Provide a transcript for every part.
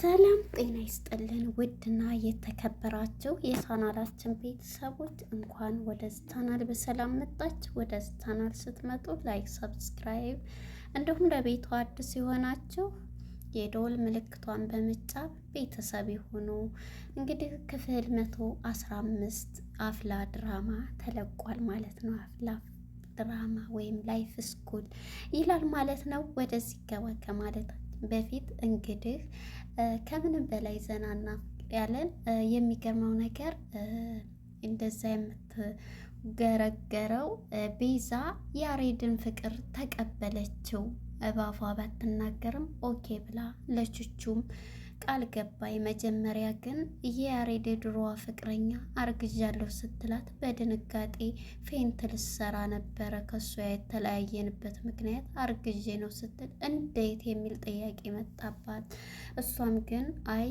ሰላም ጤና ይስጥልን። ውድና የተከበራችሁ የቻናላችን ቤተሰቦች እንኳን ወደ ቻናል በሰላም መጣች ወደ ቻናል ስትመጡ ላይክ፣ ሰብስክራይብ እንዲሁም ለቤቱ አዲስ የሆናችሁ የደወል ምልክቷን በመጫን ቤተሰብ የሆኑ እንግዲህ ክፍል መቶ አስራ አምስት አፍላ ድራማ ተለቋል ማለት ነው። አፍላ ድራማ ወይም ላይፍ ስኩል ይላል ማለት ነው። ወደዚህ ገባ ከማለት በፊት እንግዲህ ከምንም በላይ ዘናና ያለን የሚገርመው ነገር እንደዛ የምትገረገረው ቤዛ ያሬድን ፍቅር ተቀበለችው። እባፏ ባትናገርም ኦኬ ብላ ለቹቹም ቃል ገባይ። መጀመሪያ ግን የያሬድ ድሮዋ ፍቅረኛ አርግዣለሁ ስትላት በድንጋጤ ፌንት ልሰራ ነበረ። ከሷ የተለያየንበት ምክንያት አርግዤ ነው ስትል እንዴት የሚል ጥያቄ መጣባት። እሷም ግን አይ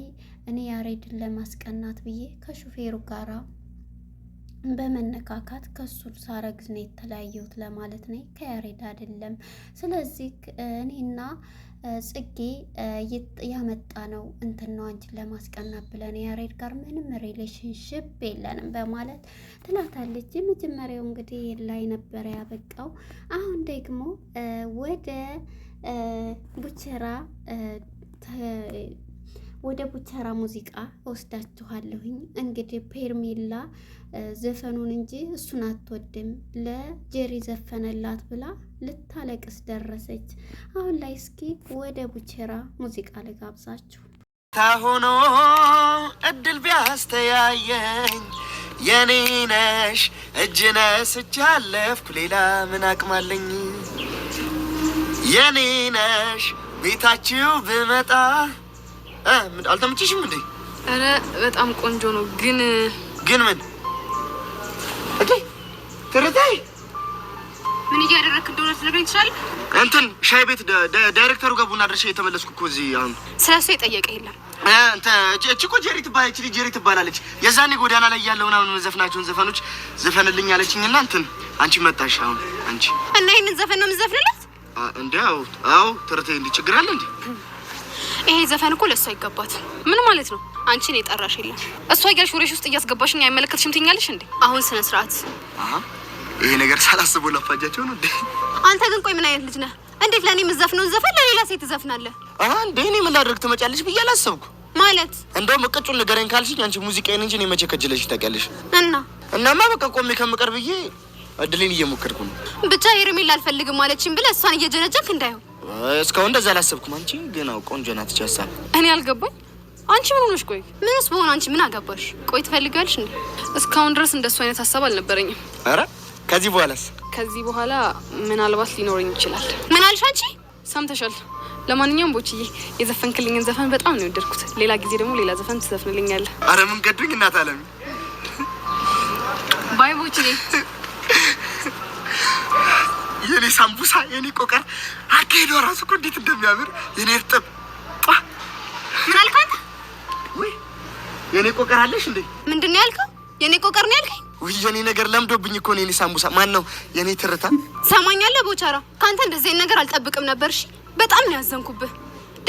እኔ ያሬድን ለማስቀናት ብዬ ከሹፌሩ ጋራ በመነካካት ከሱ ሳረግዝ ነው የተለያየሁት ለማለት ነው ከያሬድ አይደለም። ስለዚህ እኔና ጽጌ ያመጣ ነው እንትን ነው አንቺን ለማስቀናት ብለን ያሬድ ጋር ምንም ሪሌሽንሽፕ የለንም በማለት ትላታለች። የመጀመሪያው እንግዲህ ላይ ነበረ ያበቃው። አሁን ደግሞ ወደ ቡችራ ወደ ቡቸራ ሙዚቃ ወስዳችኋለሁኝ። እንግዲህ ፔርሜላ ዘፈኑን እንጂ እሱን አትወድም፣ ለጀሪ ዘፈነላት ብላ ልታለቅስ ደረሰች። አሁን ላይ እስኪ ወደ ቡቸራ ሙዚቃ ልጋብዛችሁ። ታሆኖ እድል ቢያስተያየኝ የኔ ነሽ እጅ ነስች አለፍኩ። ሌላ ምን አቅማለኝ? የኔ ነሽ ቤታችሁ ብመጣ አልተመቸሽም እንዴ? ኧረ በጣም ቆንጆ ነው። ግን ግን ምን እንዴ? ትርታይ ምን እያደረክ እንደሆነ ትነግረኝ ትችላለህ? እንትን ሻይ ቤት ዳይሬክተሩ ጋር ቡና አድርሼ እየተመለስኩ እኮ እዚህ። አሁን ስለ እሱ የጠየቀ የለም። እቺ እኮ ጄሪ ትባላለች፣ ጄሪ ትባላለች። የዛኔ ጎዳና ላይ ያለው ምናምን ዘፍናቸውን ዘፈኖች ዘፈንልኝ አለችኝ እና እንትን አንቺ መጣሽ አሁን አንቺ እና ይህንን ዘፈን ነው የምዘፍንለት እንዲ? አዎ፣ አዎ። ትርቴ እንዲ ችግር አለ እንዴ? ይሄ ዘፈን እኮ ለእሱ ይገባት። ምን ማለት ነው? አንቺን የጠራሽ የለም። እሷ እያልሽ ወሬሽ ውስጥ እያስገባሽኝ አይመለከትሽም ትኛለሽ እንዴ? አሁን ስነ ስርዓት። ይሄ ነገር ሳላስቦ ላፋጃቸው ነው እንዴ? አንተ ግን ቆይ ምን አይነት ልጅ ነህ? እንዴት ለእኔ የምዘፍነውን ዘፈን ለሌላ ሴት ትዘፍናለህ እንዴ? እኔ ምን ላደርግ ትመጫለሽ ብዬ አላሰብኩ ማለት እንደውም እቅጩን ንገረኝ ካልሽኝ አንቺ ሙዚቃዬን እንጂ እኔ መቼ ከጅለሽ ታውቂያለሽ? እና እናማ በቃ ቆሜ ከምቀር ብዬ እድሌን እየሞከርኩ ነው። ብቻ ሄርሜላ አልፈልግም ማለችኝ ብለህ እሷን እየጀነጀንክ እንዳይሆን እስካሁን እንደዛ አላሰብኩም። አንቺ ግን አው ቆንጆ ናት። ሀሳብ እኔ አልገባኝ። አንቺ ምን ሆነሽ? ቆይ ምንስ በሆነ አንቺ ምን አገባሽ? ቆይ ትፈልጋለሽ እንዴ? እስካሁን ድረስ እንደሱ አይነት ሀሳብ አልነበረኝም። አረ ከዚህ በኋላስ? ከዚህ በኋላ ምናልባት ሊኖረኝ ይችላል። ምን አልሽ አንቺ? ሰምተሻል። ለማንኛውም ቦችዬ የዘፈንክልኝን ዘፈን በጣም ነው የወደድኩት። ሌላ ጊዜ ደግሞ ሌላ ዘፈን ትዘፍንልኛለህ። አረ ምን ገዱኝ እናት አለም። ባይ ቦችዬ የኔ ሳምቡሳ የኔ ቆቀር አካሄዷ ራሱ እኮ እንዴት እንደሚያምር የኔ እርጥብ አልኳት። ወይ የኔ ቆቀር አለሽ እንዴ? ምንድን ነው ያልከው? የኔ ቆቀር ነው ያልከኝ? ውይ የኔ ነገር ለምዶብኝ እኮ ነው የኔ ሳምቡሳ። ማን ነው የኔ ትርታ? ሰማኛለህ ቦቻራ፣ ከአንተ እንደዚህ ነገር አልጠብቅም ነበር። እሺ በጣም ነው ያዘንኩብህ።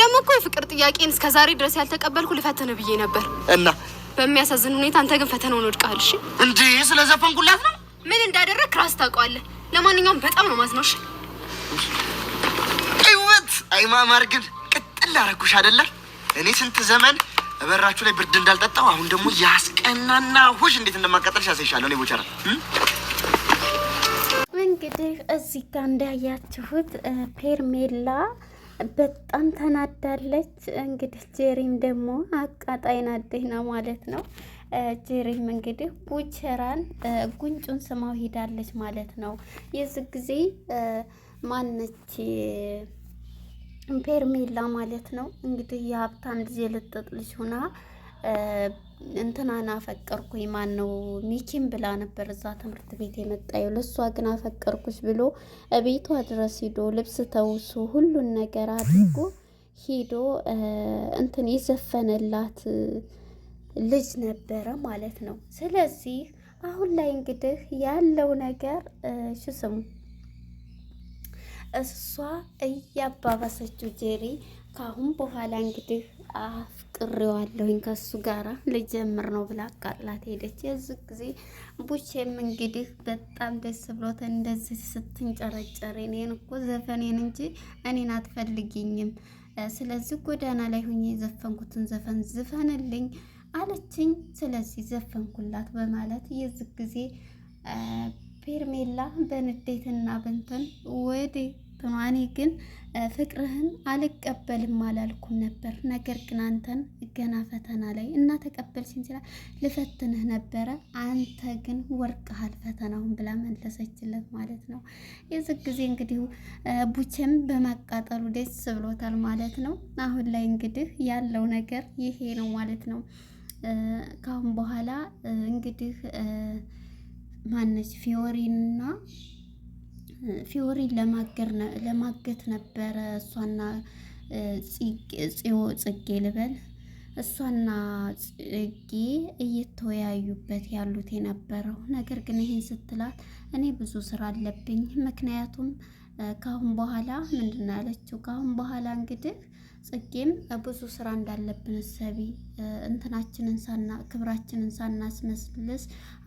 ደግሞ እኮ የፍቅር ጥያቄን ዛሬ ድረስ ያልተቀበልኩ ልፈትንህ ብዬ ነበር እና በሚያሳዝን ሁኔታ አንተ ግን ፈተናውን ወድቀሃል። እሺ እንዴ ስለዘፈንኩላት ነው ምን እንዳደረግ ራስ ታውቀዋለህ። ለማንኛውም በጣም ነው ማዝናሽ። ውበት አይማማር ግን ቅጥል አረኩሽ አይደለም? እኔ ስንት ዘመን በራችሁ ላይ ብርድ እንዳልጠጣው አሁን ደግሞ ያስቀናና ሁሽ እንዴት እንደማቃጠልሽ ያሳይሻለሁ። እኔ ቦቸራ እንግዲህ እዚህ ጋር እንዳያችሁት ፔርሜላ በጣም ተናዳለች። እንግዲህ ጄሪም ደግሞ አቃጣይ ናደህና ማለት ነው። ጀሪም እንግዲህ ቡቸራን ጉንጩን ስማው ሂዳለች ማለት ነው። የዚህ ጊዜ ማነች ፔርሜላ ማለት ነው እንግዲህ የሀብታም ጊዜ የልጥጥ ልጅ ሆና እንትናን አፈቀርኩኝ ማን ነው ሚኪም ብላ ነበር እዛ ትምህርት ቤት የመጣዩ ለእሷ ግን አፈቀርኩሽ ብሎ ቤቷ ድረስ ሂዶ ልብስ ተውሶ ሁሉን ነገር አድርጎ ሂዶ እንትን የዘፈነላት ልጅ ነበረ ማለት ነው። ስለዚህ አሁን ላይ እንግዲህ ያለው ነገር እሺ ስሙ እሷ እያባባሰችው ጄሪ ካሁን በኋላ እንግዲህ አፍቅሬዋለሁኝ ከሱ ጋራ ልጀምር ነው ብላ አቃጥላት ሄደች። የዚህ ጊዜ ቡቼም እንግዲህ በጣም ደስ ብሎት እንደዚህ ስትንጨረጨር እኔን እኮ ዘፈኔን እንጂ እኔን አትፈልግኝም፣ ስለዚህ ጎዳና ላይ ሁኜ የዘፈንኩትን ዘፈን ዝፈንልኝ አለችኝ። ስለዚህ ዘፈንኩላት በማለት የዚህ ጊዜ ፔርሜላ በንዴትና በንትን ወዴ እኔ ግን ፍቅርህን አልቀበልም አላልኩም ነበር፣ ነገር ግን አንተን ገና ፈተና ላይ እና ተቀበል ሲንችላ ልፈትንህ ነበረ፣ አንተ ግን ወርቀሃል ፈተናውን ብላ መለሰችለት ማለት ነው። የዚህ ጊዜ እንግዲህ ቡቼም በማቃጠሉ ደስ ብሎታል ማለት ነው። አሁን ላይ እንግዲህ ያለው ነገር ይሄ ነው ማለት ነው። ካሁን በኋላ እንግዲህ ማነች ፊዮሪንና ፊዮሪን ለማገት ነበረ እሷና ጽጌ ልበል እሷና ጽጌ እየተወያዩበት ያሉት የነበረው ነገር ግን ይህን ስትላት እኔ ብዙ ስራ አለብኝ። ምክንያቱም ካሁን በኋላ ምንድን ነው ያለችው? ካሁን በኋላ እንግዲህ ጽጌም ብዙ ስራ እንዳለብን ሰቢ እንትናችንን ሳና ክብራችንን ሳናስመስልስ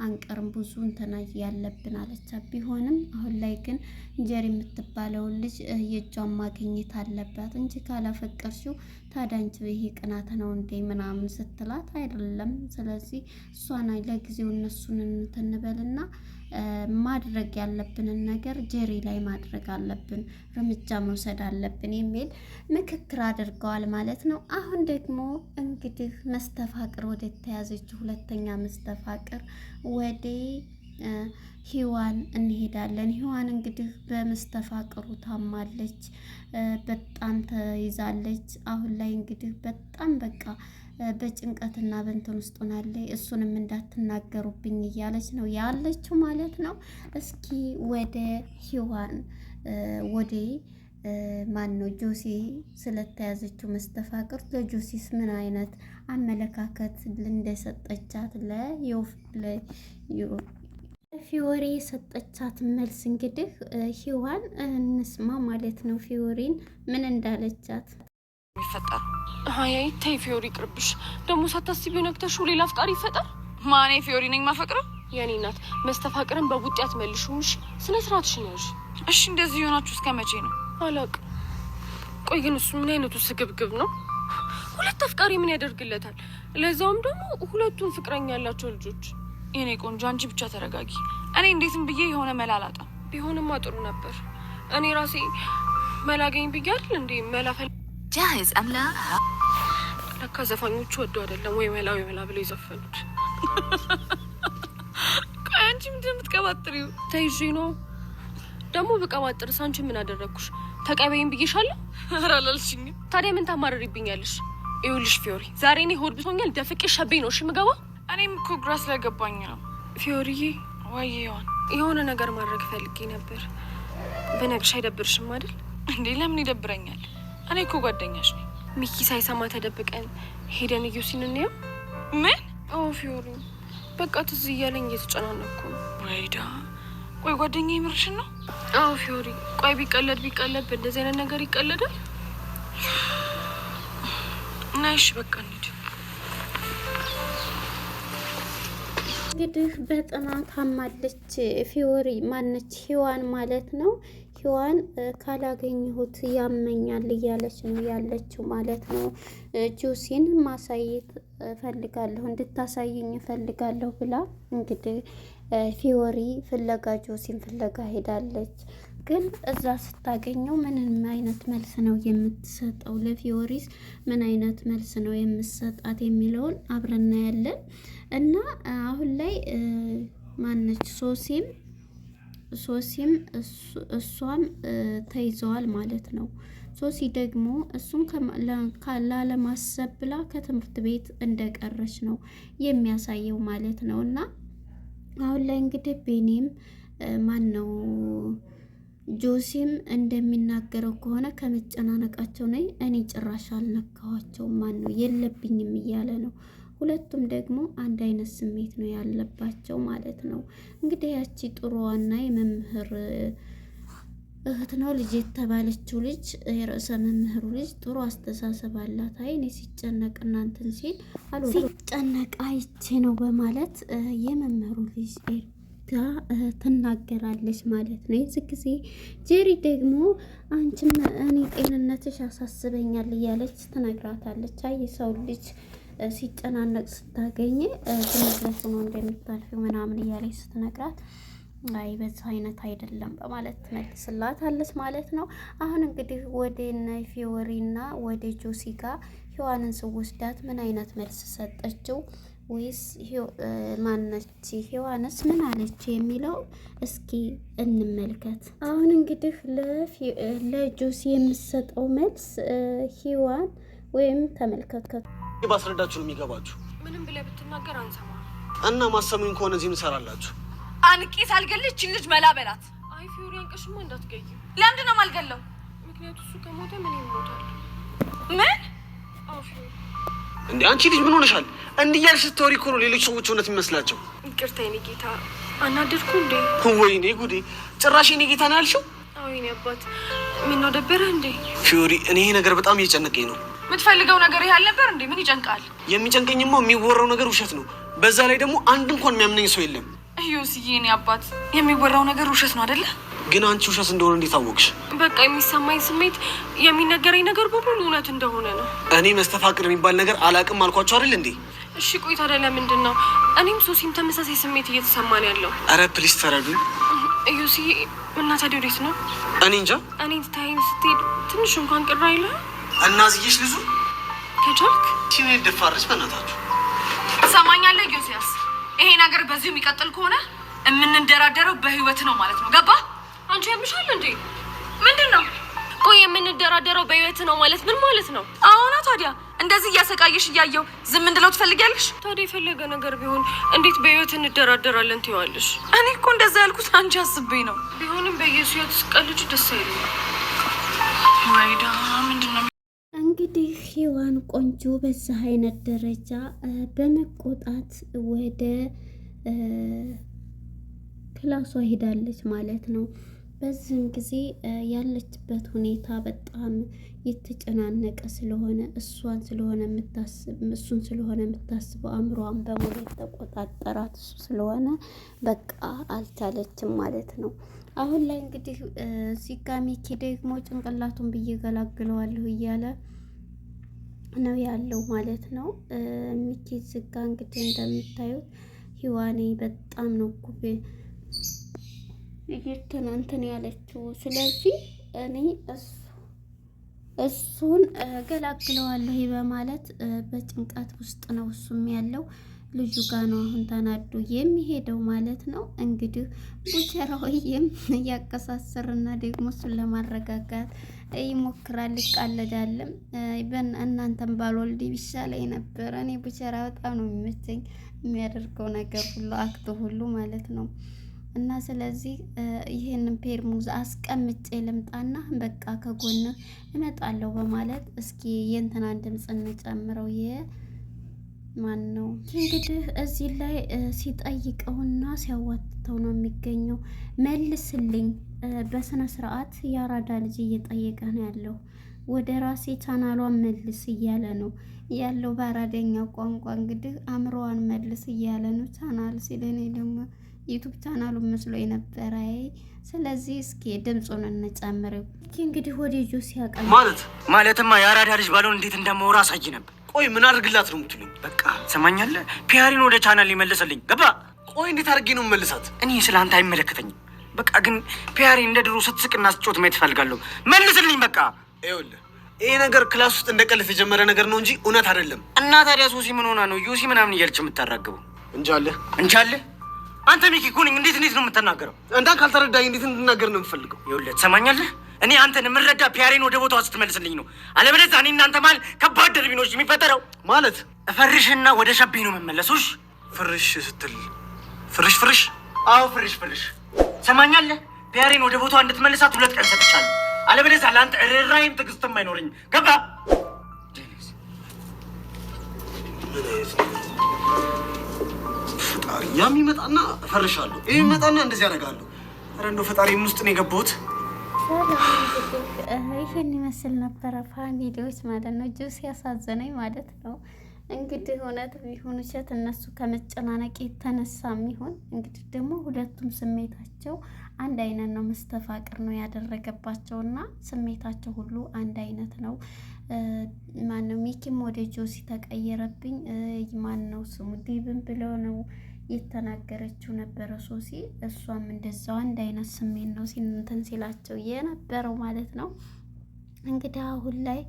አንቀርም ብዙ እንትና ያለብን አለቻ። ቢሆንም አሁን ላይ ግን እንጀሪ የምትባለውን ልጅ የእጇን ማግኘት አለባት እንጂ ካላፈቀርሽው ታዲያ አንቺ ይሄ ቅናት ነው እንዴ ምናምን ስትላት አይደለም። ስለዚህ እሷን ለጊዜው እነሱን እንትን በልና ማድረግ ያለብንን ነገር ጀሪ ላይ ማድረግ አለብን፣ እርምጃ መውሰድ አለብን የሚል ምክክር አድርገዋል ማለት ነው። አሁን ደግሞ እንግዲህ መስተፋቅር ወደ ተያዘችው ሁለተኛ መስተፋቅር ወደ ሂዋን እንሄዳለን። ሂዋን እንግዲህ በመስተፋቅሩ ታማለች፣ በጣም ተይዛለች። አሁን ላይ እንግዲህ በጣም በቃ በጭንቀትና በእንትን ውስጥ ሆናለች። እሱንም እንዳትናገሩብኝ እያለች ነው ያለችው ማለት ነው። እስኪ ወደ ሂዋን ወደ ማን ነው ጆሲ ስለተያዘችው መስተፋቅር ለጆሲስ ምን አይነት አመለካከት እንደሰጠቻት ለፊዮሬ የሰጠቻት መልስ እንግዲህ ሂዋን እንስማ ማለት ነው። ፊዮሪን ምን እንዳለቻት ይፈጠር ሀያይ ተይ ፊዮሪ ቅርብሽ ደግሞ ሳታስቢው ነግተሹ ሌላ አፍቃሪ ይፈጠር ማኔ ፊዮሪ ነኝ ማፈቅረው የኔ ናት መስተፋቅርን በቡጢ አትመልሹም። እሺ ስነ ስርዓትሽ ነሽ። እሺ እንደዚህ የሆናችሁ እስከ መቼ ነው? አላውቅም። ቆይ ግን እሱ ምን አይነቱ ስግብግብ ነው? ሁለት አፍቃሪ ምን ያደርግለታል? ለዛውም ደግሞ ሁለቱም ፍቅረኛ ያላቸው ልጆች። የኔ ቆንጆ አንቺ ብቻ ተረጋጊ። እኔ እንዴትም ብዬ የሆነ መላ አላጣም። ቢሆንማ ጥሩ ነበር። እኔ ራሴ መላገኝ ብዬ አይደል እንዴ መላፈል ለካ ዘፋኞቹ ወዱ አይደለም ወይ መላ ወይ መላ ብለው የዘፈኑት። ቆይ አንቺ ምንድን ነው የምትቀባጥሪው? ተይዤ ነው ደግሞ ብቀባጥርስ አንቺ ምን አደረግኩሽ? ተቀበይም ብዬሻለሁ። ኧረ አላልሽኝም። ታዲያ ምን ታማረሪብኛለሽ? ይኸውልሽ ፊዮሪ፣ ዛሬ እኔ ሆድ ብሶኛል ደፍቄ ሸቤ ነው እሺ የምገባው። እኔም እኮ ግራ ስለገባኝ ነው ፊዮሪዬ። ወይ ይሆን የሆነ ነገር ማድረግ ፈልጌ ነበር። ብነግርሽ አይደብርሽም አይደል? እንዴ ለምን ይደብረኛል? እኔ እኮ ጓደኛሽ ነኝ። ሚኪ ሳይሰማ ተደብቀን ሄደን እዮሲን እንየው። ምን? ኦ ፊዮሪ፣ በቃ ትዝ እያለኝ እየተጨናነኩ ነው። ወይዳ፣ ቆይ ጓደኛ ይምርሽን ነው አዎ ፊዮሪ፣ ቆይ ቢቀለድ ቢቀለድ በእንደዚህ አይነት ነገር ይቀለዳል? እና እሺ በቃ እንሂድ። እንግዲህ በጥናት ታማለች ፊዮሪ ማነች ሂዋን ማለት ነው። ሂዋን ካላገኘሁት ያመኛል እያለች ነው ያለችው ማለት ነው። ጁሲን ማሳየት እፈልጋለሁ እንድታሳየኝ እፈልጋለሁ ብላ እንግዲህ ፊዮሪ ፍለጋ ጆሲን ፍለጋ ሄዳለች። ግን እዛ ስታገኘው ምንም አይነት መልስ ነው የምትሰጠው፣ ለፊዮሪስ ምን አይነት መልስ ነው የምትሰጣት የሚለውን አብረና ያለን እና አሁን ላይ ማነች ሶሲም ሶሲም እሷም ተይዘዋል ማለት ነው። ሶሲ ደግሞ እሱን ላለማሰብ ብላ ከትምህርት ቤት እንደቀረች ነው የሚያሳየው ማለት ነው እና አሁን ላይ እንግዲህ ቤኒም ማን ነው ጆሲም እንደሚናገረው ከሆነ ከመጨናነቃቸው ነኝ እኔ ጭራሽ አልነካኋቸው ማን ነው የለብኝም እያለ ነው። ሁለቱም ደግሞ አንድ አይነት ስሜት ነው ያለባቸው ማለት ነው። እንግዲህ ያቺ ጥሩዋና የመምህር እህት ነው ልጅ የተባለችው ልጅ የርዕሰ መምህሩ ልጅ ጥሩ አስተሳሰብ አላት። አይ እኔ ሲጨነቅ እናንትን ሲል ሲጨነቅ አይቼ ነው በማለት የመምህሩ ልጅ ጋ ትናገራለች ማለት ነው። የዚህ ጊዜ ጄሪ ደግሞ አንቺም እኔ ጤንነትሽ ያሳስበኛል እያለች ትነግራታለች። አይ የሰው ልጅ ሲጨናነቅ ስታገኝ ትንግረት ነው እንደምታልፊው ምናምን እያለች ስትነግራት አይ በዛ አይነት አይደለም በማለት ትመልስላታለች ማለት ነው። አሁን እንግዲህ ወደ እነ ፊዮሪና ወደ ጆሲ ጋር ህዋንን ስወስዳት ምን አይነት መልስ ሰጠችው ወይስ ማነች ህዋንስ ምን አለች የሚለው እስኪ እንመልከት። አሁን እንግዲህ ለጆሲ የምሰጠው መልስ ህዋን ወይም ተመልከት ባስረዳችሁ ነው የሚገባችሁ። ምንም ብለህ ብትናገር አንሰማ እና ማሰሙኝ ከሆነ እዚህ እንሰራላችሁ አንቄ ሳልገልች ልጅ መላ በላት። አይ ፊዮሪ አንቀሽማ እንዳትገኝ። ለምንድን ነው የማልገለው? ምክንያቱ እሱ ከሞተ ምን ይሞታል? ምን? አዎ እንዴ አንቺ ልጅ ምን ሆነሻል? እንዲህ እያልሽ ስትወሪ እኮ ነው ሌሎች ሰዎች እውነት የሚመስላቸው። ይቅርታ የኔ ጌታ፣ አናደድኩ እንዴ? ወይኔ ጉዴ! ጭራሽ የኔ ጌታ ነው ያልሽው? አዎ አባት፣ ምን ነው ደበረ እንዴ? ፊዮሪ፣ እኔ ይሄ ነገር በጣም እየጨነቀኝ ነው። የምትፈልገው ነገር ይሄ አልነበር እንዴ? ምን ይጨንቃል? የሚጨንቀኝማ የሚወራው ነገር ውሸት ነው። በዛ ላይ ደግሞ አንድ እንኳን የሚያምነኝ ሰው የለም። እዮስዬ፣ እኔ አባት የሚወራው ነገር ውሸት ነው አይደለ? ግን አንቺ ውሸት እንደሆነ እንዴት አወቅሽ? በቃ የሚሰማኝ ስሜት የሚነገረኝ ነገር በሙሉ እውነት እንደሆነ ነው። እኔ መስተፋቅር የሚባል ነገር አላቅም አልኳቸው አይደል እንዴ? እሺ ቆይ ታዲያ ለምንድን ነው እኔም ሶሲም ተመሳሳይ ስሜት እየተሰማን ያለው? አረ ፕሊስ ተረዱኝ። እዮስዬ፣ እና ታዲያ ወዴት ነው? እኔ እንጃ። እኔ ትታይም ስትሄድ ትንሽ እንኳን ቅር አይልህ? እና ዝዬሽ ልዙ ከቻልክ ሲኔ ደፋርስ በእናታችሁ ትሰማኛለህ? ዮስያስ ይሄ ነገር በዚህ የሚቀጥል ከሆነ የምንደራደረው በህይወት ነው ማለት ነው። ገባ? አንቺ የምሻል እንዴ? ምንድን ነው ቆይ፣ የምንደራደረው በህይወት ነው ማለት ምን ማለት ነው? አሁና ታዲያ እንደዚህ እያሰቃየሽ እያየው ዝም እንድለው ትፈልጊያለሽ? ታዲያ የፈለገ ነገር ቢሆን እንዴት በህይወት እንደራደራለን ትይዋለሽ? እኔ እኮ እንደዛ ያልኩት አንቺ አስቤ ነው። ቢሆንም በየሱ ህይወት ደስ አይለ ወይዳ ምንድ እንግዲህ ሔዋን ቆንጆ በዛ አይነት ደረጃ በመቆጣት ወደ ክላሷ ሄዳለች ማለት ነው። በዚህም ጊዜ ያለችበት ሁኔታ በጣም የተጨናነቀ ስለሆነ እሷን ስለሆነ እሱን ስለሆነ የምታስበው አእምሯን በሙሉ የተቆጣጠራት እሱ ስለሆነ በቃ አልቻለችም ማለት ነው። አሁን ላይ እንግዲህ ሲጋሚኪ ደግሞ ጭንቅላቱን ብዬ ገላግለዋለሁ እያለ ነው ያለው ማለት ነው። ሚኪ ዝጋ እንግዲህ እንደምታዩት ህዋኔ በጣም ነው ጉብ ይርትን እንትን ያለችው። ስለዚህ እኔ እሱ እሱን ገላግለዋለሁ በማለት በጭንቀት ውስጥ ነው እሱም ያለው ልጁ ጋ ነው አሁን ተናዱ የሚሄደው ማለት ነው። እንግዲህ ቡቸራ ወይም እያቀሳሰርና ደግሞ እሱን ለማረጋጋት ይሞክራል፣ ይቃለዳልም። እናንተን ባልወልድ ቢሻለኝ ነበረ። እኔ ቡቸራ በጣም ነው የሚመቸኝ፣ የሚያደርገው ነገር ሁሉ አክቶ ሁሉ ማለት ነው። እና ስለዚህ ይህንን ፔርሙዝ አስቀምጬ ልምጣና በቃ ከጎን እመጣለሁ በማለት እስኪ የእንትናን ድምፅ እንጨምረው። ይሄ ማን ነው እንግዲህ እዚህ ላይ ሲጠይቀውና ሲያወት ሰጥተው ነው የሚገኘው። መልስልኝ በስነ ስርዓት የአራዳ ልጅ እየጠየቀ ነው ያለው። ወደ ራሴ ቻናሏን መልስ እያለ ነው ያለው በአራደኛው ቋንቋ እንግዲህ አእምሮዋን መልስ እያለ ነው ቻናል ሲል፣ እኔ ደግሞ ዩቱብ ቻናሉ መስሎ የነበረ ስለዚህ እስኪ ድምፁን እንጨምር። እንግዲህ ወደ ጆ ሲያቀል ማለት ማለትማ የአራዳ ልጅ ባለውን እንዴት እንደማወራ አሳይ ነበር። ቆይ ምን አድርግላት ነው ምትሉኝ? በቃ ሰማኛለ ፒያሪን ወደ ቻናል ይመልስልኝ ገባ ቆይ እንዴት አድርጌ ነው መልሳት? እኔ ስለ አንተ አይመለከተኝም። በቃ ግን ፒያሪ እንደ ድሮ ስትስቅና ስትጮት ማየት እፈልጋለሁ። መልስልኝ በቃ። ይኸውልህ ይሄ ነገር ክላስ ውስጥ እንደ ቀልፍ የጀመረ ነገር ነው እንጂ እውነት አይደለም። እና ታዲያ ሶሲ ምን ሆና ነው ዩሲ ምናምን እያልች የምታራግበው? እንጃለ እንጃለ አንተ ሚኪ እኮ ነኝ። እንዴት እንዴት ነው የምትናገረው? እንዳን ካልተረዳኝ እንዴት እንድናገር ነው የምፈልገው? ይኸውልህ ትሰማኛለህ? እኔ አንተን የምረዳ ፒያሬን ወደ ቦታዋ ስትመልስልኝ ነው። አለበለዚያ እኔ እናንተ መሀል ከባድ ድርቢኖች የሚፈጠረው ማለት እፈርሽና ወደ ሸቤ ነው መመለሱሽ። ፍርሽ ስትል ፍርሽ ፍርሽ? አዎ ፍርሽ ፍርሽ። ሰማኛለህ? ቢያሬን ወደ ቦታዋ እንድትመልሳት ሁለት ቀን ሰጥቻለሁ። አለበለዚያ ለአንተ ርኅራኄም ትዕግስትም አይኖረኝም። ገባ? ፈጣሪ ያም ይመጣና እፈርሻለሁ፣ ይህ ይመጣና እንደዚህ ያደርጋለሁ። ኧረ እንደው ፈጣሪ ምን ውስጥ ነው የገባሁት? ይህን ይመስል ነበረ ፋሚሊዎች ማለት ነው። ጁስ ያሳዘነኝ ማለት ነው። እንግዲህ እውነት ቢሆን ውሸት እነሱ ከመጨናነቅ የተነሳ ይሆን እንግዲህ ደግሞ ሁለቱም ስሜታቸው አንድ አይነት ነው። መስተፋቅር ነው ያደረገባቸው እና ስሜታቸው ሁሉ አንድ አይነት ነው። ማነው ሚኪም ወደ ጆሲ ተቀየረብኝ። ማን ነው ስሙ ዲብን ብለው ነው የተናገረችው ነበረ ሶሲ። እሷም እንደዛው አንድ አይነት ስሜት ነው ሲንትን ሲላቸው የነበረው ማለት ነው እንግዲህ አሁን ላይ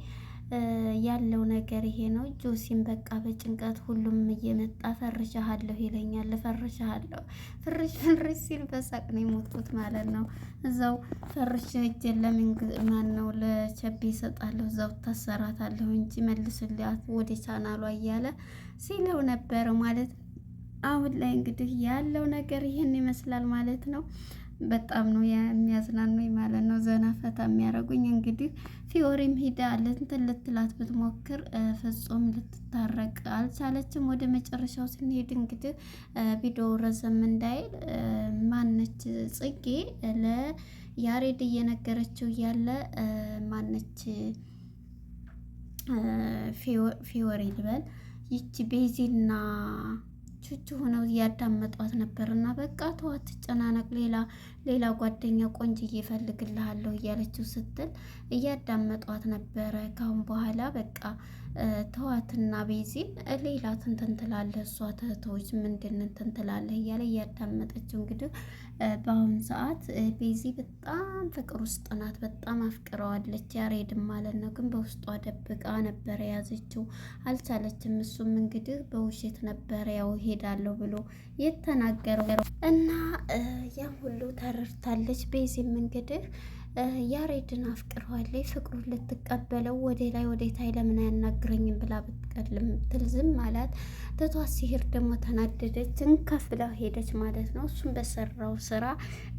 ያለው ነገር ይሄ ነው። ጆሲም በቃ በጭንቀት ሁሉም እየመጣ ፈርሻሃለሁ ይለኛል። ፈርሻሃለሁ ፍርሽ ፍርሽ ሲል በሳቅ ነው የሞትኩት ማለት ነው። እዛው ፈርሽ እጅ ለምን ማን ነው ለቸቤ ይሰጣለሁ እዛው ታሰራታለሁ እንጂ መልስላት ወደ ቻናሏ እያለ ሲለው ነበረ ማለት አሁን ላይ እንግዲህ ያለው ነገር ይህን ይመስላል ማለት ነው። በጣም ነው የሚያዝናኑኝ ማለት ነው፣ ዘና ፈታ የሚያደርጉኝ። እንግዲህ ፊዮሪም ሂዳ እንትን ልትላት ብትሞክር ፍጹም ልትታረቅ አልቻለችም። ወደ መጨረሻው ስንሄድ እንግዲህ ቪዲዮ ረዘም እንዳይል ማነች ጽጌ ለያሬድ እየነገረችው ያለ ማነች ፊዮሪ ልበል ይቺ ቤዚና ቹቹ ሆነው እያዳመጧት ነበር። እና በቃ ተዋት፣ ትጨናነቅ ሌላ ሌላ ጓደኛ ቆንጅዬ እፈልግልሃለሁ እያለችው ስትል እያዳመጧት ነበረ። ካሁን በኋላ በቃ ተዋትና ቤዚን ሌላ እንትን ትላለህ፣ እሷ ትህቶች ምንድን እንትን ትላለህ እያለ እያዳመጠችው እንግዲህ በአሁኑ ሰዓት ቤዚ በጣም ፍቅር ውስጥ ናት። በጣም አፍቅረዋለች ያሬድም ማለት ነው። ግን በውስጧ ደብቃ ነበረ የያዘችው፣ አልቻለችም። እሱም እንግዲህ በውሸት ነበረ ያው ሄዳለሁ ብሎ የተናገረው እና ያ ሁሉ ተረ ተፈራርታለች። ቤዚም እንግዲህ ያሬድን አፍቅረዋለች። ፍቅሩን ልትቀበለው ወደ ላይ ወደ ታይ ለምን አያናግረኝም ብላ ብትቀልም ትልዝም ማለት ትቷት ሲሄድ ደግሞ ተናደደች፣ እንከፍ ሄደች ማለት ነው። እሱም በሰራው ስራ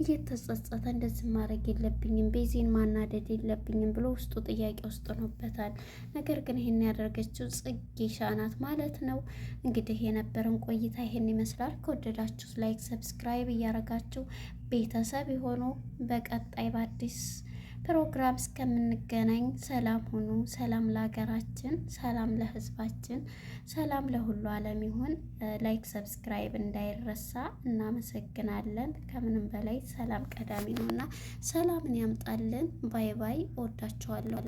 እየተጸጸተ እንደዚህ ማድረግ የለብኝም ቤዚን ማናደድ የለብኝም ብሎ ውስጡ ጥያቄ ውስጥ ሆኖበታል። ነገር ግን ይህን ያደረገችው ጽጌሻ ናት ማለት ነው። እንግዲህ የነበረን ቆይታ ይሄን ይመስላል። ከወደዳችሁ ላይክ፣ ሰብስክራይብ እያረጋችሁ ቤተሰብ የሆኑ በቀጣይ በአዲስ ፕሮግራም እስከምንገናኝ ሰላም ሁኑ። ሰላም ለሀገራችን፣ ሰላም ለሕዝባችን፣ ሰላም ለሁሉ ዓለም ይሁን። ላይክ ሰብስክራይብ እንዳይረሳ። እናመሰግናለን። ከምንም በላይ ሰላም ቀዳሚ ነውና ሰላምን ያምጣልን። ባይ ባይ። እወዳችኋለሁ።